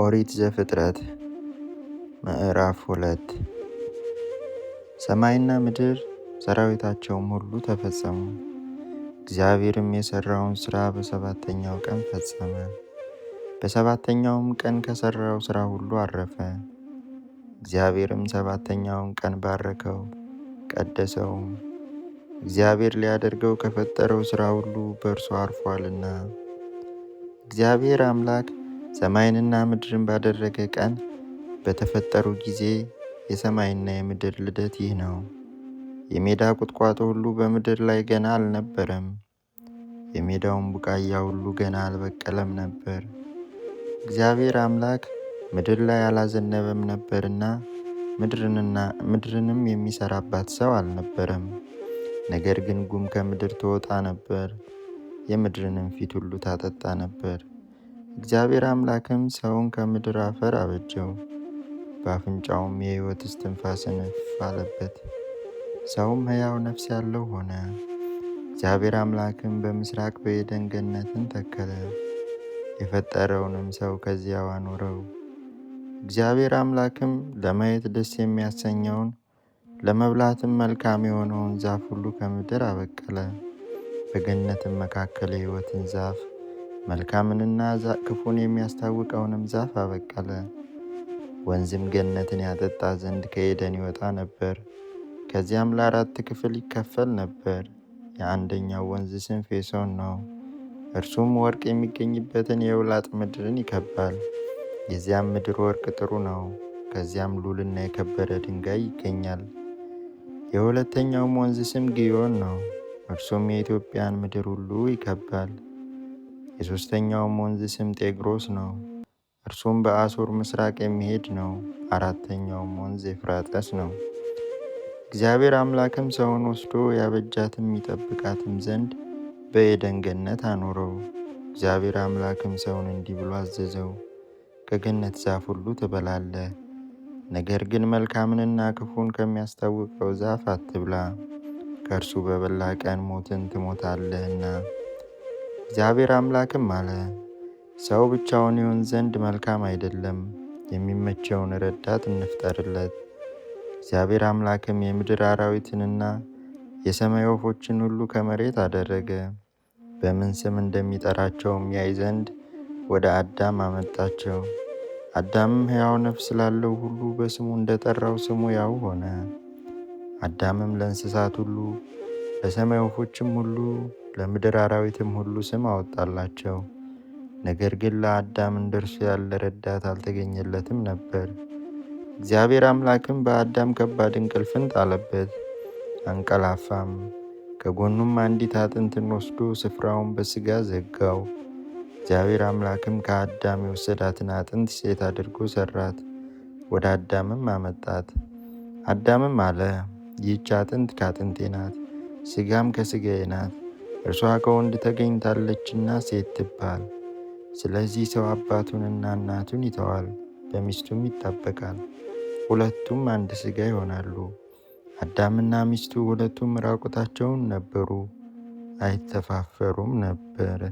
ኦሪት ዘፍጥረት ምዕራፍ ሁለት ሰማይና ምድር ሰራዊታቸውም ሁሉ ተፈጸሙ። እግዚአብሔርም የሠራውን ሥራ በሰባተኛው ቀን ፈጸመ። በሰባተኛውም ቀን ከሠራው ሥራ ሁሉ አረፈ። እግዚአብሔርም ሰባተኛውን ቀን ባረከው፣ ቀደሰውም፣ እግዚአብሔር ሊያደርገው ከፈጠረው ሥራ ሁሉ በእርሱ አርፏልና። እግዚአብሔር አምላክ ሰማይንና ምድርን ባደረገ ቀን በተፈጠሩ ጊዜ የሰማይና የምድር ልደት ይህ ነው። የሜዳ ቁጥቋጦ ሁሉ በምድር ላይ ገና አልነበረም። የሜዳውን ቡቃያ ሁሉ ገና አልበቀለም ነበር። እግዚአብሔር አምላክ ምድር ላይ አላዘነበም ነበርና ምድርንና ምድርንም የሚሰራባት ሰው አልነበረም። ነገር ግን ጉም ከምድር ትወጣ ነበር፣ የምድርንም ፊት ሁሉ ታጠጣ ነበር። እግዚአብሔር አምላክም ሰውን ከምድር አፈር አበጀው፣ በአፍንጫውም የሕይወት እስትንፋስን አለበት። ሰውም ሕያው ነፍስ ያለው ሆነ። እግዚአብሔር አምላክም በምስራቅ በኤደን ገነትን ተከለ፣ የፈጠረውንም ሰው ከዚያው አኖረው። እግዚአብሔር አምላክም ለማየት ደስ የሚያሰኘውን ለመብላትም መልካም የሆነውን ዛፍ ሁሉ ከምድር አበቀለ፣ በገነትም መካከል የሕይወትን ዛፍ መልካምንና ክፉን የሚያስታውቀውንም ዛፍ አበቀለ። ወንዝም ገነትን ያጠጣ ዘንድ ከኤደን ይወጣ ነበር። ከዚያም ለአራት ክፍል ይከፈል ነበር። የአንደኛው ወንዝ ስም ፌሶን ነው። እርሱም ወርቅ የሚገኝበትን የውላጥ ምድርን ይከባል። የዚያም ምድር ወርቅ ጥሩ ነው። ከዚያም ሉልና የከበረ ድንጋይ ይገኛል። የሁለተኛውም ወንዝ ስም ግዮን ነው። እርሱም የኢትዮጵያን ምድር ሁሉ ይከባል። የሦስተኛውም ወንዝ ስም ጤግሮስ ነው፣ እርሱም በአሦር ምስራቅ የሚሄድ ነው። አራተኛውም ወንዝ የፍራጠስ ነው። እግዚአብሔር አምላክም ሰውን ወስዶ ያበጃትም ይጠብቃትም ዘንድ በኤደን ገነት አኖረው። እግዚአብሔር አምላክም ሰውን እንዲህ ብሎ አዘዘው፣ ከገነት ዛፍ ሁሉ ትበላለህ፣ ነገር ግን መልካምንና ክፉን ከሚያስታውቀው ዛፍ አትብላ፣ ከእርሱ በበላ ቀን ሞትን ትሞታለህና። እግዚአብሔር አምላክም አለ፣ ሰው ብቻውን ይሆን ዘንድ መልካም አይደለም፣ የሚመቸውን ረዳት እንፍጠርለት። እግዚአብሔር አምላክም የምድር አራዊትንና የሰማይ ወፎችን ሁሉ ከመሬት አደረገ፣ በምን ስም እንደሚጠራቸውም ያይ ዘንድ ወደ አዳም አመጣቸው። አዳምም ሕያው ነፍስ ላለው ሁሉ በስሙ እንደጠራው ስሙ ያው ሆነ። አዳምም ለእንስሳት ሁሉ፣ ለሰማይ ወፎችም ሁሉ ለምድር አራዊትም ሁሉ ስም አወጣላቸው። ነገር ግን ለአዳም እንደርሱ ያለ ረዳት አልተገኘለትም ነበር። እግዚአብሔር አምላክም በአዳም ከባድ እንቅልፍን ጣለበት፣ አንቀላፋም። ከጎኑም አንዲት አጥንትን ወስዶ ስፍራውን በስጋ ዘጋው። እግዚአብሔር አምላክም ከአዳም የወሰዳትን አጥንት ሴት አድርጎ ሰራት፣ ወደ አዳምም አመጣት። አዳምም አለ፣ ይህች አጥንት ከአጥንቴ ናት፣ ስጋም ከስጋዬ ናት እርሷ ከወንድ ተገኝታለችና ሴት ትባል። ስለዚህ ሰው አባቱንና እናቱን ይተዋል፣ በሚስቱም ይጣበቃል፣ ሁለቱም አንድ ሥጋ ይሆናሉ። አዳምና ሚስቱ ሁለቱም ራቁታቸውን ነበሩ፣ አይተፋፈሩም ነበር።